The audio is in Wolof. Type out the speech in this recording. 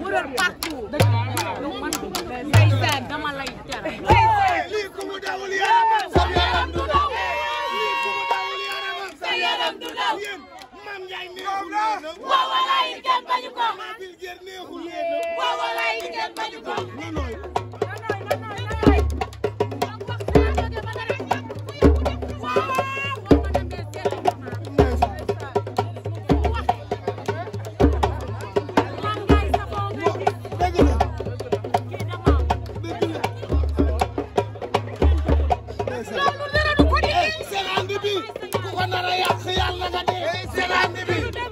mu rër partout ndeysaan dama lay jar lii ku mu dawul yaramam sa yaram du daw lii ku mu dawul yaramam sa yaram du daw Mame Ndiaye neexul leen waaw walaay kenn bañu ko Mame Birguer neexul leen waaw walaay kenn bañu ko bi ku ko nar a yàq yàlla nga dee.